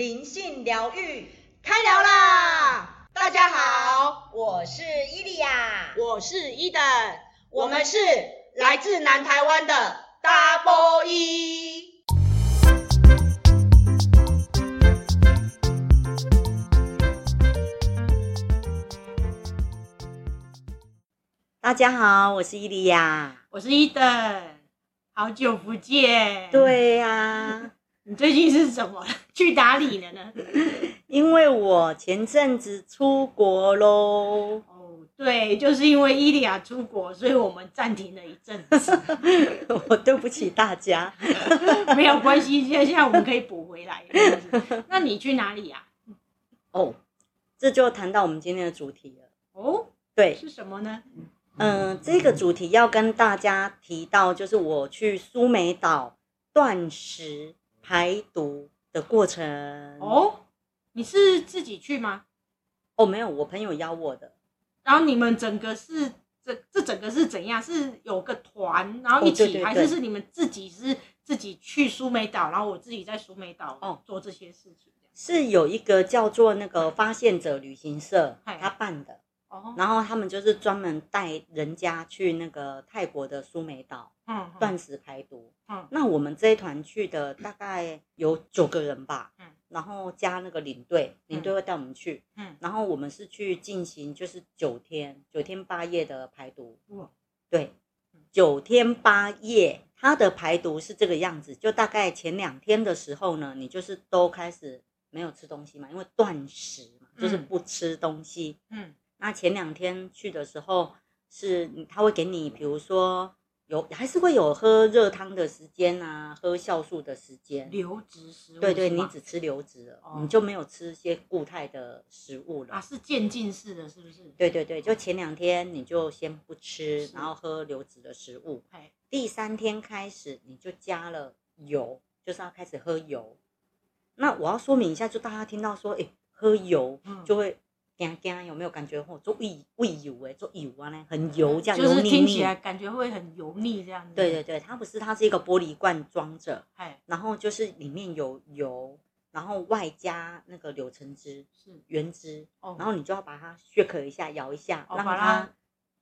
靈性聊遇開聊啦！大家好，我是伊利亞，我是伊登，我們是來自南台灣的 double E。大家好，我是伊利亞，我是伊登，好久不見。對呀、啊。 你最近是怎麼去哪裡了呢？因為我前陣子出國嘍。哦，對，就是因為伊利亞出國，所以我們暫停了一陣子。 我對不起大家， 沒有關係，因為現在我們可以補回來是不是。那你去哪裡呀、啊？哦，這就談到我們今天的主題了。哦，對，是什麼呢？嗯，這個主題要跟大家提到，就是我去蘇美島斷食。排毒的過程哦，你是自己去嗎？哦，沒有，我朋友邀我的。然後你們整個是這這整個是怎樣？是有個團，然後一起，哦、對對對對，還是是你們自己是自己去蘇美島，然後我自己在蘇美島哦做這些事情？是有一個叫做那個發現者旅行社，他辦的。然後他們就是專門帶人家去那個泰國的蘇美島嗯，嗯，斷食排毒，嗯，嗯，那我們這一團去的大概有九個人吧，嗯，然後加那個領隊，領隊會帶我們去，嗯，嗯，然後我們是去進行就是九天九天八夜的排毒，哇、哦，對，九天八夜，它的排毒是這個樣子，就大概前兩天的時候呢，你就是都開始沒有吃東西嘛，因為斷食嘛，就是不吃東西，嗯。嗯那前兩天去的時候，是他會給你，比如說有還是會有喝熱湯的時間啊，喝酵素的時間。流質食物。對對，你只吃流質，你就沒有吃些固態的食物了。啊，是漸進式的是不是？對對對，就前兩天你就先不吃，然後喝流質的食物。第三天開始你就加了油，就是要開始喝油。那我要說明一下，就大家聽到說，哎，喝油就會。怕怕有沒有感覺？或做味味油誒，做油啊嘞，很油這樣，這樣就是膩膩，聽起來感覺會很油膩這樣。對對對，它不是，它是一個玻璃罐裝着，嘿然後就是裡面有油，然後外加那個柳橙汁是原汁，哦，然後你就要把它削殼一下，搖一下，哦，讓它。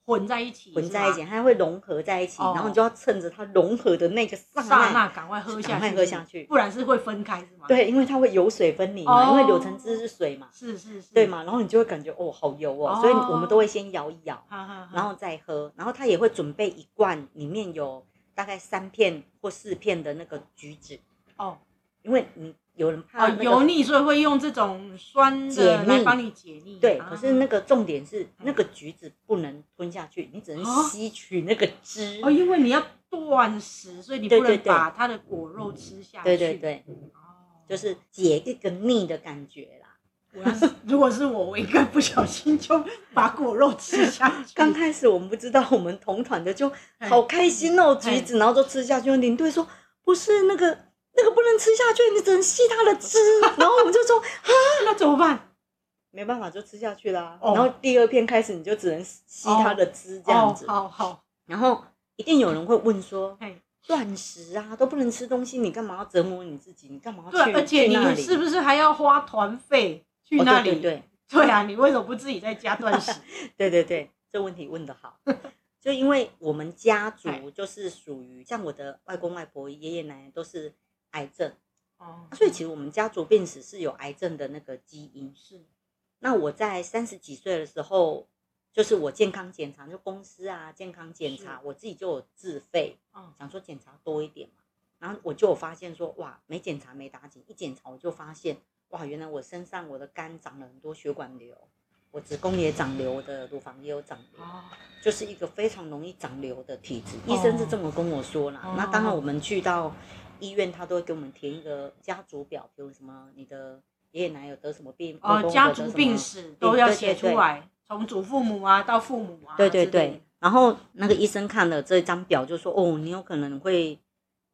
混在一起，混在一起，它會融合在一起，然後你就要趁着它融合的那個剎那，趕快喝下去，趕快喝下去，不然是會分開是嗎？對，因為它會油水分離嘛，因為柳橙汁是水嘛，是是是，對嘛，然後你就會感覺哦，好油哦，所以我們都會先搖一搖，然後再喝，然後他也會準備一罐裡面有大概三片或四片的那個橘子哦，因為你。有人怕油膩，所以會用這種酸的來幫你解膩。對，可是那個重點是，那個橘子不能吞下去，你只能吸取那個汁。哦，因為你要斷食，所以你不能把它的果肉吃下去。對對對。哦，就是解一個膩的感覺啦。我要是如果是我，我應該不小心就把果肉吃下去。剛開始我們不知道，我們同團的就好開心哦，橘子，然後就吃下去。領隊說：“不是那個。”這個不能吃下去，你只能吸它的汁。 然後我們就說啊，那怎麼辦？沒辦法，就吃下去啦、啊。Oh, 然後第二片開始，你就只能吸它的汁這樣子。好好。然後一定有人會問說：“哎，斷食啊都不能吃東西，你幹嘛要折磨你自己？你幹嘛要去對？而且你是不是還要花團費去那裡？Oh, 對，對對對，對啊，你為什麼不自己在家斷食？ 對，對對對，這問題問的好。 就因為我們家族就是屬於像我的外公外婆、爺爺奶奶都是。癌症，哦，oh, 所以其實我們家族病史是有癌症的那個基因，是。那我在三十幾歲的時候，就是我健康檢查，就公司啊健康檢查，是。我自己就有自費，oh. 想說檢查多一點嘛。然後我就有發現說，哇，沒檢查沒打緊，一檢查我就發現，哇，原來我身上我的肝長了很多血管瘤，我子宮也長瘤，我的乳房也有長瘤，oh. 就是一個非常容易長瘤的體質。Oh. 醫生是這麼跟我說啦。Oh. 那當然我們去到。醫院他都會給我們填一個家族表，比如什麼你的爺爺奶奶有得什麼病，哦，家族病史病都要寫出來，從祖父母啊到父母啊。對對對。的然後那個醫生看了這張表，就說哦，你有可能會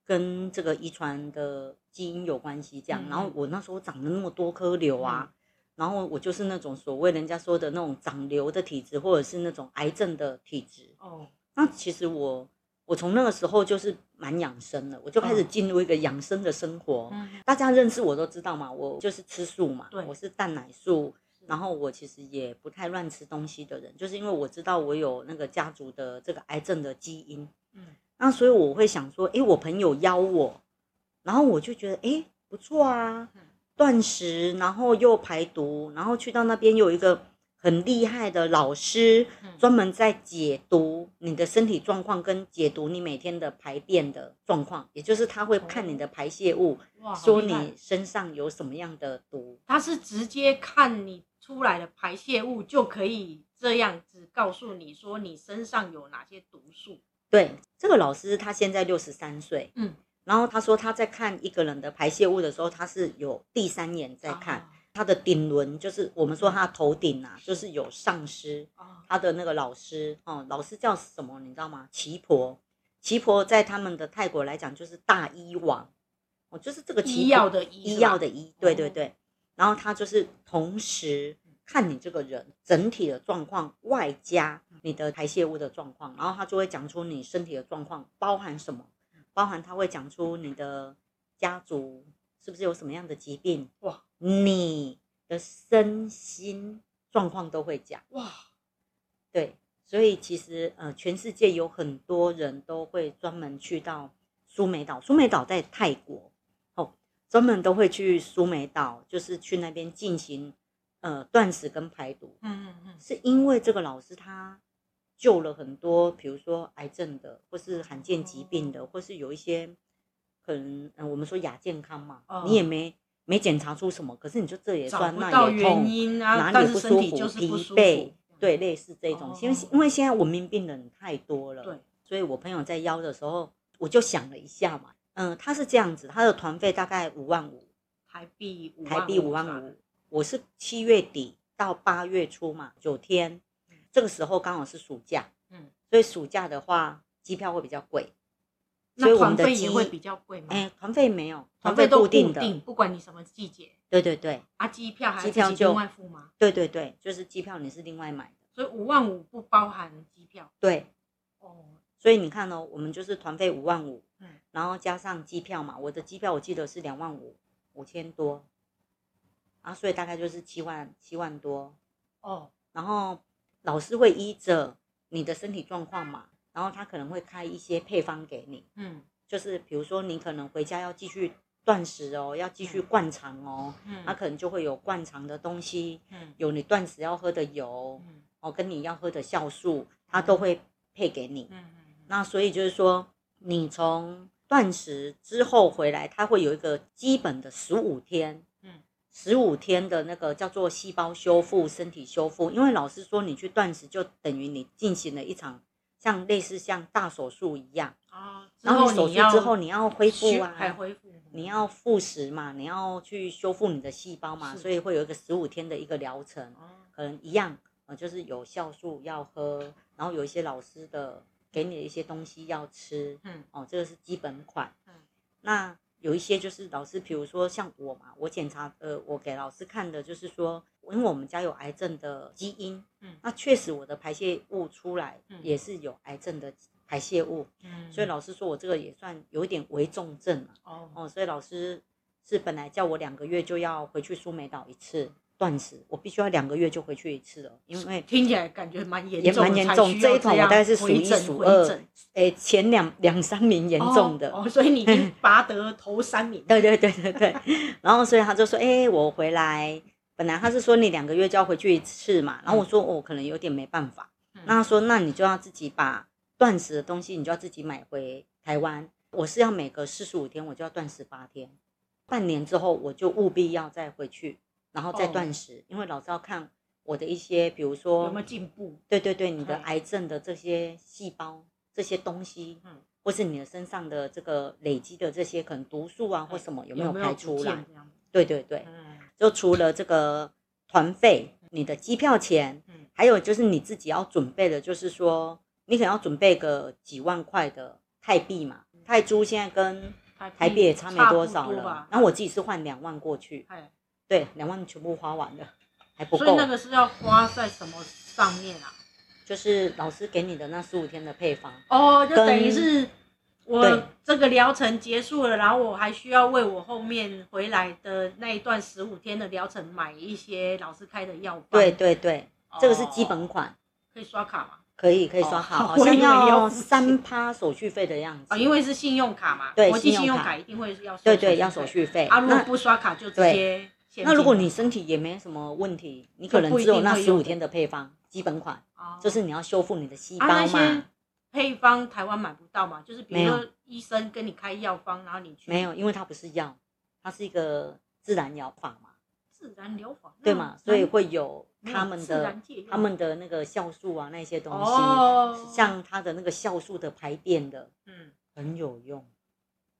跟這個遺傳的基因有關係這樣，嗯、然後我那時候長了那麼多顆瘤啊，嗯、然後我就是那種所謂人家說的那種長瘤的體質，或者是那種癌症的體質。哦，那其實我。我從那個時候就是蠻養生的，我就開始進入一個養生的生活。Oh. 大家認識我都知道嘛，我就是吃素嘛，對我是蛋奶素，是然後我其實也不太亂吃東西的人，就是因為我知道我有那個家族的這個癌症的基因，嗯，那所以我會想說，誒，我朋友邀我，然後我就覺得，誒，不錯啊，斷食，然後又排毒，然後去到那邊又有一個。很厲害的老師，專門在解讀你的身體狀況，跟解讀你每天的排便的狀況，也就是他會看你的排泄物，哦、說你身上有什麼樣的毒。他是直接看你出來的排泄物就可以這樣子告訴你說你身上有哪些毒素。對，這個老師他現在六十三歲，嗯，然後他說他在看一個人的排泄物的時候，他是有第三眼在看。啊他的頂輪就是我們說他頭頂吶、啊，就是有上師，哦、他的那個老師哦，老師叫什麼，你知道嗎？奇婆，奇婆在他們的泰國來講就是大醫王，哦，就是這個奇婆的醫，醫藥的醫，對對對、對。哦、然後他就是同時看你這個人整體的狀況，外加你的排泄物的狀況，然後他就會講出你身體的狀況包含什麼，包含他會講出你的家族。是不是有什麼樣的疾病？哇，你的身心狀況都會講哇，對，所以其實呃，全世界有很多人都會專門去到蘇梅島蘇梅島在泰國，專門都會去蘇梅島就是去那邊進行斷食跟排毒。嗯嗯嗯，是因為這個老師他救了很多，比如說癌症的，或是罕見疾病的，或是有一些。可能嗯，我們說亞健康嘛，你也沒沒檢查出什麼，可是你就這也酸那也痛，哪裡不舒服疲憊，對，類似這種。因為因為現在文明病人太多了，對，所以我朋友在邀的時候，我就想了一下嘛，嗯，他是這樣子，他的團費大概五萬五，台幣五萬五台幣五萬五，我是七月底到八月初嘛，九天，這個時候剛好是暑假，嗯，所以暑假的話，機票會比較貴。所以的機那團費也會比較貴嗎？哎、欸，團費沒有，團費，團費，固團費都固定的，不管你什麼季節。對對對，啊，機票還是機票另外付嗎？對對對，就是機票你是另外買的。所以五萬五不包含機票。對，哦，oh. 所以你看呢，哦，我們就是團費五萬五，嗯、然後加上機票嘛，我的機票我記得是兩萬五五千多，啊，所以大概就是七萬七萬多。哦，oh. 然後老師會依着你的身體狀況嘛。然後他可能會開一些配方給你，嗯，就是比如說你可能回家要繼續斷食哦，要繼續灌腸哦，嗯，他可能就會有灌腸的東西，嗯，有你斷食要喝的油，嗯，哦跟你要喝的酵素，他都會配給你，嗯嗯，那所以就是說你從斷食之後回來，他會有一個基本的十五天，嗯，十五天的那個叫做細胞修復、身體修復，因為老師說你去斷食就等於你進行了一場。像類似像大手術一樣啊，然後手術之後你要恢復啊，你要復食嘛，你要去修復你的細胞嘛，所以會有一個十五天的一個療程，可能一樣，就是有酵素要喝，然後有一些老師的給你的一些東西要吃，嗯，哦，這個是基本款，那有一些就是老師，比如說像我嘛，我檢查，呃，我給老師看的就是說。因為我們家有癌症的基因，嗯，那確實我的排泄物出來也是有癌症的排泄物，嗯，所以老師說我這個也算有點危重症了，哦哦，所以老師是本來叫我兩個月就要回去蘇美島一次斷食，我必須要兩個月就回去一次哦，因為聽起來感覺蠻嚴重，也蠻嚴重，這一桶大概是數一數二，誒，前兩兩三名嚴重的，哦，所以你已經拔得頭三名，對對對對，對，然後所以他就說，誒，我回來。本來他是說，你兩個月就要回去一次嘛，然後我說我、哦、可能有點沒辦法。嗯、那他說，那你就要自己把斷食的東西，你就要自己買回台灣。我是要每隔四十五天我就要斷食八天，半年之後我就務必要再回去，然後再斷食，哦、因為老是要看我的一些，比如說有沒有進步？對對對，你的癌症的這些細胞這些東西，嗯，或是你的身上的這個累積的這些可能毒素啊、嗯、或什麼有沒有排出來？有有對對對。嗯就除了這個團費，你的機票錢，嗯，還有就是你自己要準備的，就是說你可能要準備個幾萬塊的泰幣嘛，泰銖現在跟台幣也差沒多少了。然後我自己是換兩萬過去，嗯，對，兩萬全部花完了，還不夠。所以那個是要花在什麼上面啊？就是老師給你的那十五天的配方哦，就等於是。我這個療程結束了，然後我還需要為我後面回來的那一段十五天的療程買一些老師開的藥方。對對對，這個是基本款。可以刷卡嗎？可以，可以刷卡。好像要三趴手續費的樣子。啊，因為是信用卡嘛，對，國際信用卡一定會要。對對，要手續費。啊，如果不刷卡就直接。那如果你身體也沒什麼問題，你可能只有那十五天的配方，基本款，就是你要修復你的細胞嘛。配方台灣買不到嘛，就是比如說，醫生跟你開藥方，有然後你去沒有，因為它不是藥，它是一個自然療法嘛，自然療法對嘛，所以會有他們的他們的那個酵素啊，那些東西，哦、像它的那個酵素的排便的，嗯，很有用，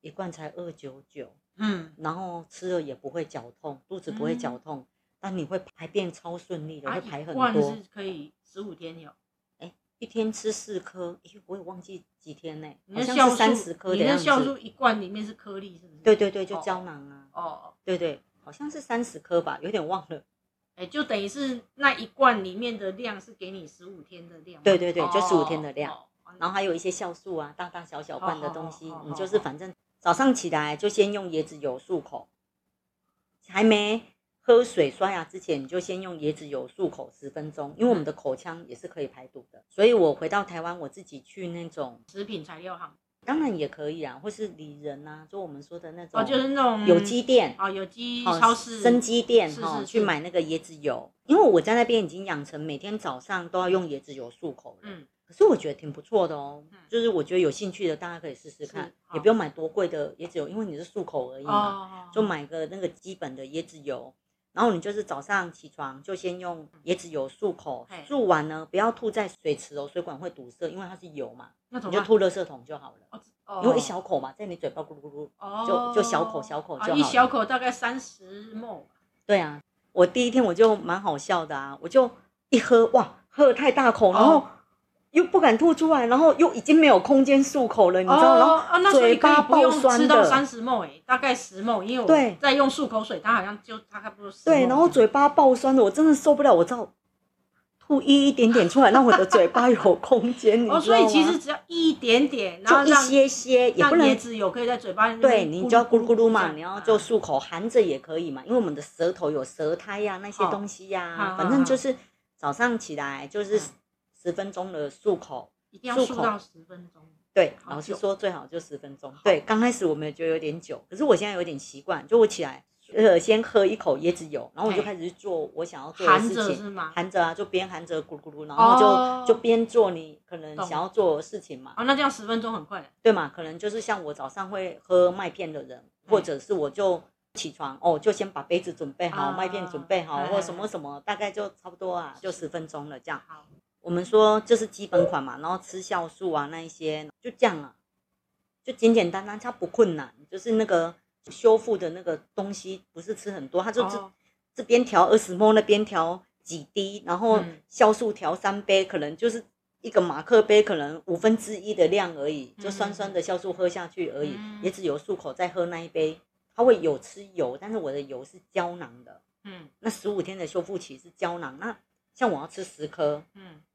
一罐才二九九，嗯，然後吃了也不會絞痛，肚子不會絞痛，嗯、但你會排便超順利，的，啊、會排很多，罐是可以十五天有。一天吃四顆，咦、欸，我也忘記幾天嘞，欸。你那酵素，是你那酵素一罐裡面是顆粒是不是？對對對，就膠囊啊。哦。哦對，對對，好像是三十顆吧，有點忘了。欸、就等於是那一罐裡面的量是給你十五天的量。對對對，就十五天的量。哦、然後還有一些酵素啊，大大小小罐的東西，哦、你就是反正早上起來就先用椰子油漱口。還沒。喝水刷牙之前，你就先用椰子油漱口十分鐘，因為我們的口腔也是可以排毒的。所以，我回到台灣，我自己去那種食品材料行，當然也可以啊，或是里仁吶、啊，就我們說的那種，就是那種有機店啊，有機超市、生機店哈，去買那個椰子油。因為我在那邊已經養成每天早上都要用椰子油漱口了，嗯，可是我覺得挺不錯的哦、喔，就是我覺得有興趣的大家可以試試看，也不用買多貴的椰子油，因為你是漱口而已嘛，就買個那個基本的椰子油。然後你就是早上起床就先用椰子油漱口，漱嘿完呢，不要吐在水池哦，水管會堵塞，因為它是油嘛，那你就吐垃圾桶就好了。哦、因為一小口嘛，在你嘴巴咕嚕咕嚕，哦、就就小口小口就好、哦、一小口大概三十 ml。對啊，我第一天我就蠻好笑的啊，我就一喝哇，喝了太大口，哦、然後。又不敢吐出來，然後又已經沒有空間漱口了，你知道嗎？嘴巴爆酸的。吃到三十 ml 哎，大概十 ml，因為我在用漱口水，它好像就大概不是十。對，然後嘴巴爆酸的，我真的受不了。我照吐一一點點出來，讓我的嘴巴有空間，你知道嗎？所以其實只要一點點，然後一些些也不能有可以在嘴巴。對，你就要咕嚕咕嚕嘛，你要就漱口含着也可以嘛，因為我們的舌頭有舌苔呀那些東西呀，反正就是早上起來就是。十分鐘的漱口，一定要漱口到十分鐘。對，老師說最好就十分鐘。對，剛開始我們也覺得有點久，可是我現在有點習慣，就我起來，呃，先喝一口椰子油，然後我就開始做我想要做的事情，是嗎？含着啊，就邊含着咕嚕咕嚕，然後就就邊做你可能想要做事情嘛。啊，那這樣十分鐘很快，對嘛？可能就是像我早上會喝麥片的人，或者是我就起床哦，就先把杯子準備好，麥片準備好，或什麼什麼，大概就差不多啊，就十分鐘了這樣。好。我們說這是基本款嘛，然後吃酵素啊那，那一些就這樣了、啊，就簡簡單單，它不困難，就是那個修復的那個東西不是吃很多，它就是這、哦、這邊調二十 ml，那邊調幾滴，然後酵素調三杯，嗯、可能就是一個馬克杯，可能五分之一的量而已，就酸酸的酵素喝下去而已，嗯、也只有漱口再喝那一杯，它會有吃油，但是我的油是膠囊的，嗯，那十五天的修復期是膠囊，那。像我要吃十顆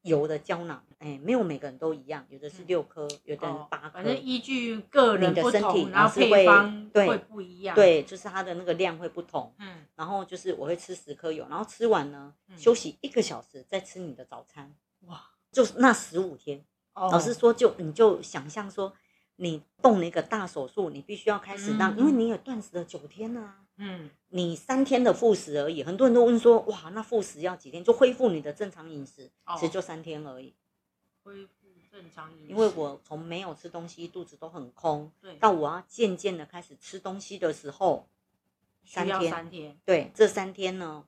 油的膠囊，哎、欸，沒有每個人都一樣，有的是六顆，嗯、有的八顆、哦。反正依據個人的身體然後會，然後配方對不一樣對。對，就是它的那個量會不同。嗯，然後就是我會吃十顆油，然後吃完呢，嗯、休息一個小時，再吃你的早餐。哇，就是那十五天，哦、老實說就，就你就想象說，你動了一個大手術，你必須要開始當，嗯、因為你有斷食的九天呢、啊。嗯，你三天的復食而已，很多人都問說，哇，那復食要幾天就恢復你的正常飲食？其實、哦、就三天而已，恢復正常飲食。因為我從沒有吃東西，肚子都很空，對到我要漸漸的開始吃東西的時候，三天，三天，對，這三天呢，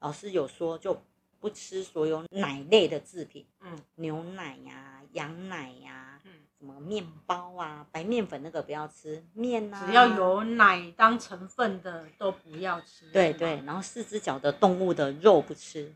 老師有說就不吃所有奶類的製品，嗯，牛奶呀、啊，羊奶呀、啊。什麼麵包啊，白麵粉那個不要吃麵啊。只要有奶當成分的都不要吃。對，對對，然後四只腳的動物的肉不吃，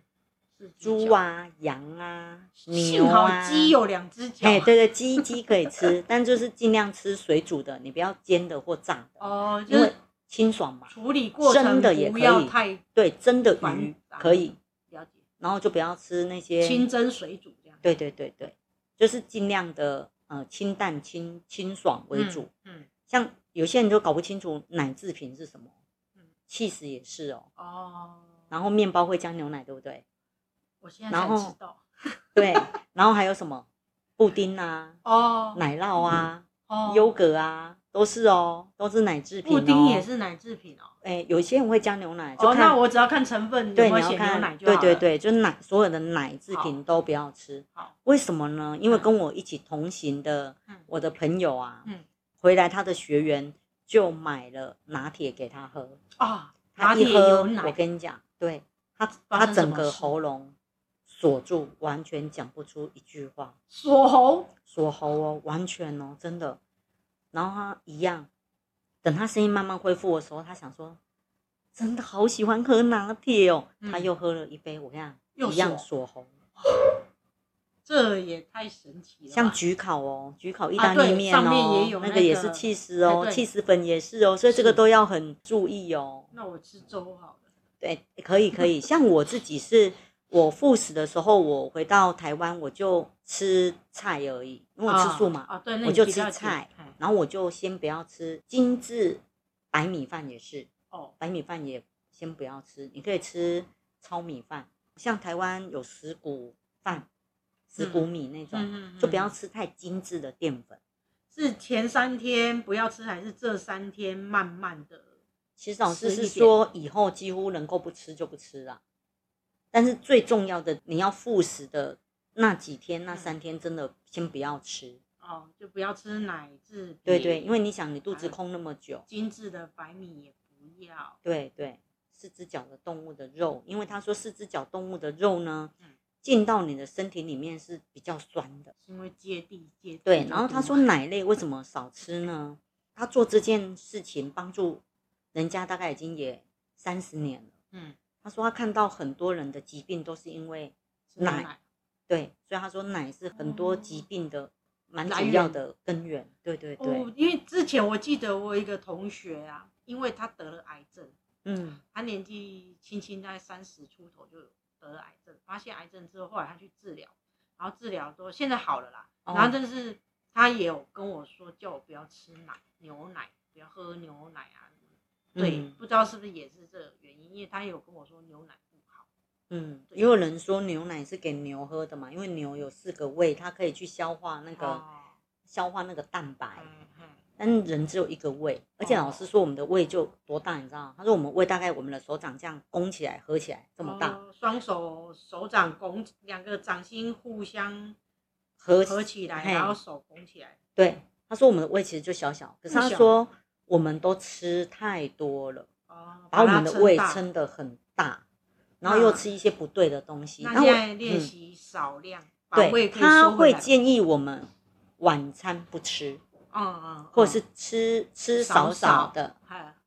豬啊、羊啊、牛啊。幸好雞有兩只腳。哎，對，對對，雞雞可以吃， 但就是盡量吃水煮的，你不要煎的或炸的。哦，就是、因為清爽嘛。處理過的也可以不要太。對，蒸的魚可以。了解。然後就不要吃那些。清蒸、水煮這樣。對對對對，就是盡量的。嗯、清淡、清清爽為主。嗯嗯、像有些人都搞不清楚奶製品是什麼，起司、嗯、也是哦。哦。然後麵包會加牛奶，對不對？我現在才知道。後 對，然後還有什麼布丁啊？哦。奶酪啊？嗯、哦。優格啊？都是哦，都是奶製品哦。布丁也是奶製品哦。哎，有些人會加牛奶。哦，那我只要看成分，對，你要看，牛奶對對對，就奶，所有的奶製品都不要吃。好，為什麼呢？因為跟我一起同行的，我的朋友啊，回來他的學員就買了拿鐵給他喝啊。拿鐵喝，奶。我跟你講，對他，他整個喉嚨鎖住，完全講不出一句話。鎖喉？鎖喉哦，完全哦，真的。然後他一樣，等他聲音慢慢恢復的時候，他想說：“真的好喜歡喝拿鐵哦。嗯”他又喝了一杯，我跟你講，又熟一樣鎖喉。這也太神奇了。像焗烤哦，焗烤意大利麵哦，那個也是起司哦，起司、啊、對粉也是哦，所以這個都要很注意哦。那我吃粥好了。對，可以可以，像我自己是。 我復食的時候，我回到台灣，我就吃菜而已，因為我吃素嘛，哦哦、對我就吃菜。然後我就先不要吃精致白米飯也是，哦，白米飯也先不要吃，你可以吃糙米飯，像台灣有十穀飯、十穀、嗯、米那種，嗯嗯嗯、就不要吃太精致的澱粉。是前三天不要吃，還是這三天慢慢的？其實老師是說以後幾乎能夠不吃就不吃了。但是最重要的，你要復食的那幾天、那三天，真的先不要吃哦，就不要吃奶制品。對對，因為你想，你肚子空那麼久，精致的白米也不要。對對，四隻腳的動物的肉，因為他說四隻腳動物的肉呢，進到你的身體裡面是比較酸的，因為接地接。對，然後他說奶類為什麼少吃呢？他做這件事情幫助人家大概已經也三十年了。嗯。他說他看到很多人的疾病都是因為奶，是不是奶？對，所以他說奶是很多疾病的蠻主、嗯、要的根源，緣對對對、哦。因為之前我記得我一個同學啊，因為他得了癌症，嗯，他年紀輕輕，大概三十出頭就得了癌症，發現癌症之後，後來他去治療，然後治療之後現在好了啦。然後但是他也有跟我說，叫我不要吃奶、牛奶，不要喝牛奶啊。對，不知道是不是也是這原因，因為他有跟我說牛奶不好。嗯，也有，有人說牛奶是給牛喝的嘛，因為牛有四個胃，它可以去消化那個、哦、消化那個蛋白。嗯哼。嗯，但人只有一個胃，而且老師說我們的胃就多大，哦、你知道嗎？他說我們胃大概我們的手掌這樣拱起來合起來這麼大，哦，雙手手掌拱，兩個掌心互相合合起來，然後手拱起來。對，他說我們的胃其實就小小，可是他說。我們都吃太多了，把我們的胃撐得很大，然後又吃一些不對的東西。然後練習少量，對，他會建議我們晚餐不吃，嗯嗯，或者是吃吃少少少的，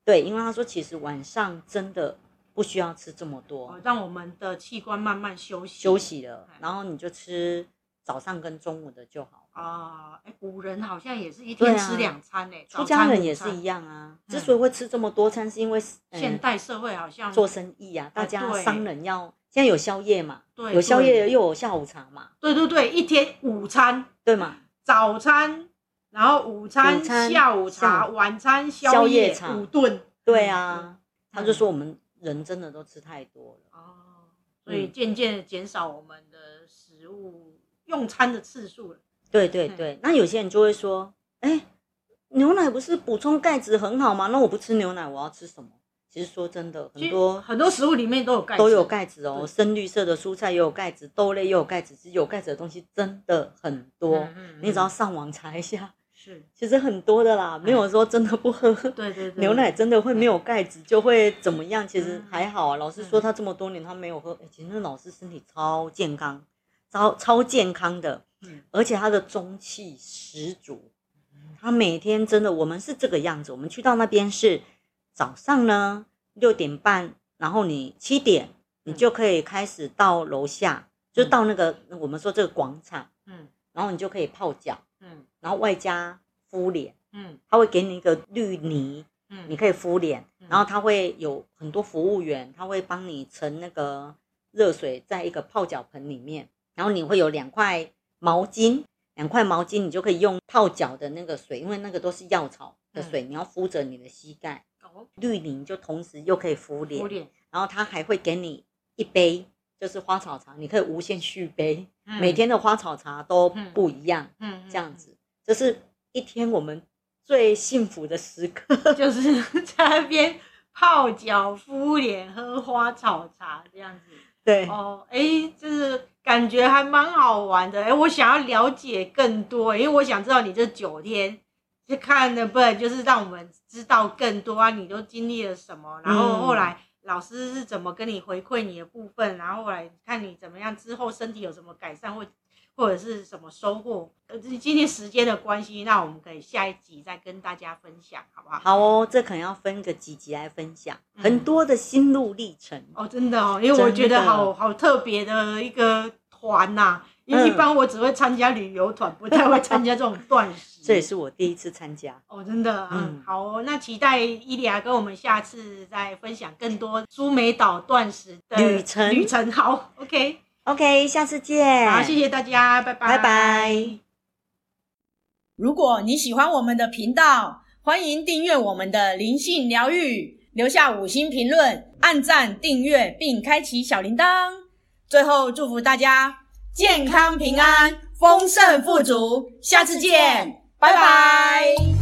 對，因為他說其實晚上真的不需要吃這麼多，讓我們的器官慢慢休息休息了，然後你就吃早上跟中午的就好。啊，哎，古人好像也是一天吃兩餐呢，出家人也是一樣啊。之所以會吃這麼多餐，是因為現代社會好像做生意啊，大家商人要，現在有宵夜嘛，對，有宵夜又有下午茶嘛。對對對，一天五餐，對嘛，早餐，然後午餐、下午茶、晚餐、宵夜、五頓。對啊，他就說我們人真的都吃太多了哦，所以漸漸減少我們的食物用餐的次數了。對對對，嘿那有些人就會說：“哎、欸，牛奶不是補充鈣質很好嗎？那我不吃牛奶，我要吃什麼？”其實說真的，很多很多食物裡面都有鈣，都有鈣質哦。對深綠色的蔬菜也有鈣質，豆類也有鈣質，是有鈣質的東西真的很多。嗯，嗯，你只要上網查一下，是其實很多的啦，沒有說真的不喝。嗯、對對對，牛奶真的會沒有鈣質就會怎麼樣？其實還好啊。老師說他這麼多年他沒有喝，哎、欸，其實那老師身體超健康，超超健康的。嗯、而且他的中氣十足，他、嗯、每天真的，我們是這個樣子。我們去到那邊是早上呢六點半，然後你七點、嗯、你就可以開始到樓下，就到那個、嗯、我們說這個廣場，嗯，然後你就可以泡腳，嗯，然後外加敷臉，嗯，他會給你一個綠泥，嗯，你可以敷臉，嗯、然後他會有很多服務員，他會幫你盛那個熱水在一個泡腳盆裡面，然後你會有兩塊。毛巾，兩塊毛巾，你就可以用泡腳的那個水，因為那個都是藥草的水，嗯、你要敷着你的膝蓋。哦、綠林，就同時又可以敷臉，敷臉，然後他還會給你一杯就是花草茶，你可以無限續杯，嗯、每天的花草茶都不一樣。嗯嗯、這樣子，這是一天我們最幸福的時刻，就是在那邊泡腳、敷臉、喝花草茶這樣子。對，哦，哎，就是。感覺還蠻好玩的，誒、欸，我想要了解更多，欸，因為我想知道你這九天看的部就是讓我們知道更多啊，你都經歷了什麼，然後後來老師是怎麼跟你回饋你的部分，然後後來看你怎麼樣之後身體有什麼改善或。或者是什麼收穫？呃，今天時間的關係，那我們可以下一集再跟大家分享，好不好？好哦，這可能要分個幾集來分享，嗯、很多的心路歷程、嗯、哦，真的哦，因為我覺得好、啊、好特別的一個團吶、啊，一般我只會參加旅遊團，嗯、不太會參加這種斷食， 這也是我第一次參加哦，真的、嗯，嗯，嗯，好哦，那期待伊利亞跟我們下次再分享更多蘇美島斷食的旅程，旅程，好，OK。OK，下次見。好，謝謝大家，拜拜。拜拜。如果你喜歡我們的頻道，歡迎訂閱我們的靈性聊遇，留下五星評論，按讚訂閱並開啟小鈴鐺。最後祝福大家健康平安、豐盛富足，下次見，拜拜。